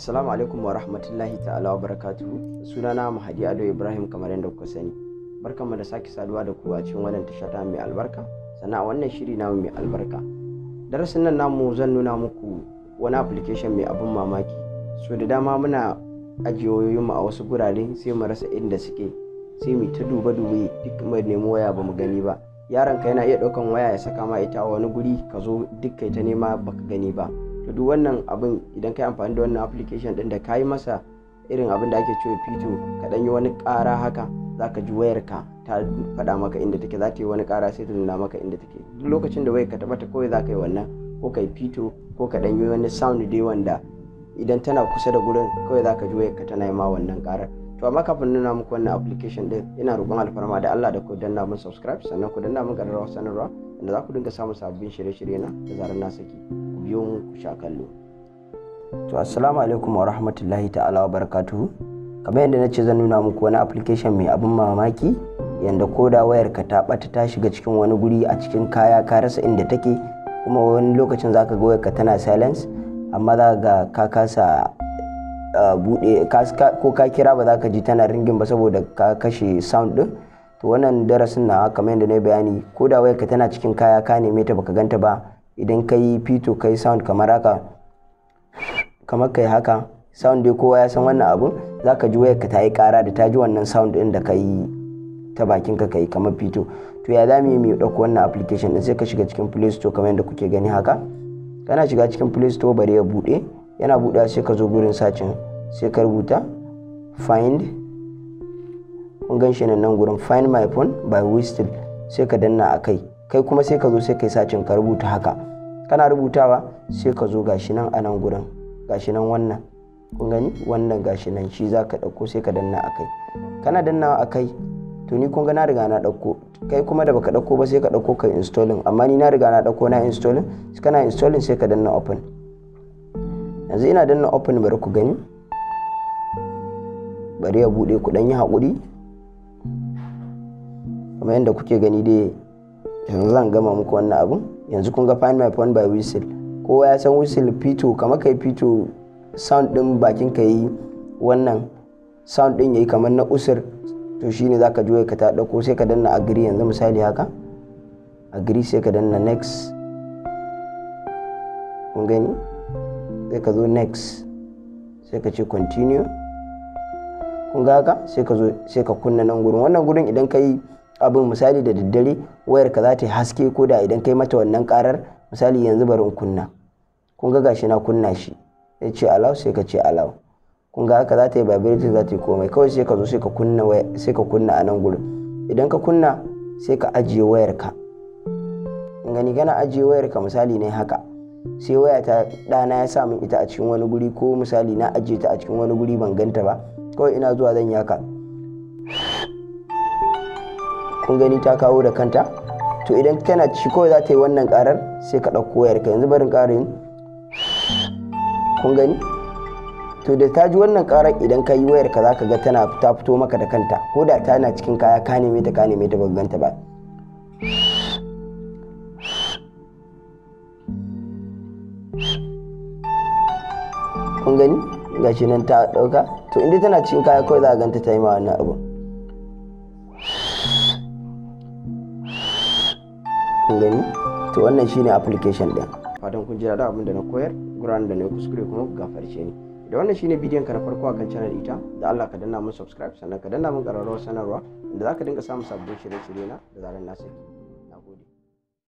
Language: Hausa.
Assalamu alaikum wa rahmatullahi ta'ala wa barakatuhu sunana Mahadi Ado Ibrahim kamar yadda kuka sani mu da sake saduwa da ku a cikin wannan tasha ta mai albarka sannan a wannan shiri namu mai albarka darasin nan namu zan nuna muku wani application mai abin mamaki so da dama muna ajiye mu a wasu gurare sai mu rasa inda suke sai mu ta duba dube duk mai nemi waya ba mu gani ba yaron ka yana iya ɗaukan waya ya saka ma ita wani guri ka zo duk kai ta nema baka gani ba to duk wannan abin idan ka yi amfani da wannan application din da ka yi masa irin abin da ake cewa fito ka dan yi wani ƙara haka za ka ji wayarka ta faɗa maka inda take za ta yi wani ƙara sai ta nuna maka inda take duk lokacin da wayarka ta tabbata kawai za ka yi wannan ko ka yi fito ko ka dan yi wani sound dai wanda idan tana kusa da gurin kawai za ka ji wayarka tana yi ma wannan ƙara to amma kafin nuna muku wannan application din ina roƙon alfarma da Allah da ku danna mun subscribe sannan ku danna mun ƙararrawa sanarwa da za ku dinga samun sabbin shirye-shirye na da zarar na saki ku biyo mu ku sha kallo to assalamu alaikum wa rahmatullahi ta'ala wa barakatu kamar yadda na ce zan nuna muku wani application mai abin mamaki yanda ko da wayar ka ta bata ta shiga cikin wani guri a cikin kaya ka rasa inda take kuma wani lokacin zaka ga wayar ka tana silence amma za ga ka kasa ah, bude ko ka kira ba za ka ji tana ringin ba saboda ka kashe sound din to wannan darasin na kamar yadda na bayani ko da ka tana cikin kaya ka neme ta baka ganta ba idan ka yi fito ka yi sound kamar haka kamar ka yi haka sound dai kowa ya san wannan abu za ka ji ka ta yi kara da ta ji wannan sound din da ka yi ta bakin ka yi kamar fito to ya mu yi mu dauko wannan application din sai ka shiga cikin play store kamar yadda kuke gani haka kana shiga cikin play store bari ya bude yana buɗe sai ka zo gurin sacin sai ka rubuta find kun gan shi nan gurin find my phone by whistle sai ka danna a kai kai kuma sai ka zo sai kai sacin ka rubuta haka kana rubutawa sai ka zo gashi nan a nan gurin gashi nan wannan kun gani wannan gashi nan shi za ka ɗauko sai ka danna a kai kana dannawa a kai to ni kun ga na riga na ɗauko kai kuma da baka ɗauko ba sai ka ɗauko kai installing amma ni na riga na ɗauko na installing kana installing sai ka danna open yanzu ina danna open bari ku gani bari ya buɗe ku ɗan yi haƙuri kamar yadda kuke gani dai yanzu zan gama muku wannan abun yanzu kun ga find my phone by whistle kowa ya san whistle fito kamar kai fito sound din bakin ka yi wannan sound din yayi kamar na usur to shine zaka juya ka ta dauko sai ka danna agree yanzu misali haka agree sai ka danna next kun gani sai ka zo next sai ka ce continue kun ga haka sai ka zo sai ka kunna nan gurin wannan gurin idan ka yi abin misali da daddare wayarka ka za ta yi haske ko da idan kai mata wannan karar misali yanzu bari in kunna kun ga gashi na kunna shi ya ce alau sai ka ce alau kun ga haka za ta yi vibrating za ta yi komai kawai sai ka zo sai ka kunna a nan gurin idan ka kunna sai ka ajiye wayar ka in gani gana ajiye wayarka ka misali ne haka sai waya ta ɗana ya sa min ita a cikin wani guri ko misali na ajiye ta a cikin wani guri ban ganta ba kawai ina zuwa zan yi yaka kun gani ta kawo da kanta to idan tana ci kawai za ta yi wannan karar sai ka ɗauko wayarka yanzu barin karin kun gani to da ta ji wannan karar idan ka yi wayarka za ka ga tana ta fito maka da kanta ko da tana cikin kaya ka neme ta ka neme ta baka ganta ba kun gani gashi nan ta ɗauka to inda tana cikin kaya kawai za a ganta ta yi ma wannan abin kun gani to wannan shine application din fatan kun ji da abin da na koyar guran da na kuskure kuma ku gafarce ni da wannan shine bidiyon ka na farko akan channel ita da Allah ka danna mun subscribe sannan ka danna mun ƙararrawar sanarwa da zaka dinga samun sabbin shirye-shirye na da zaran na saki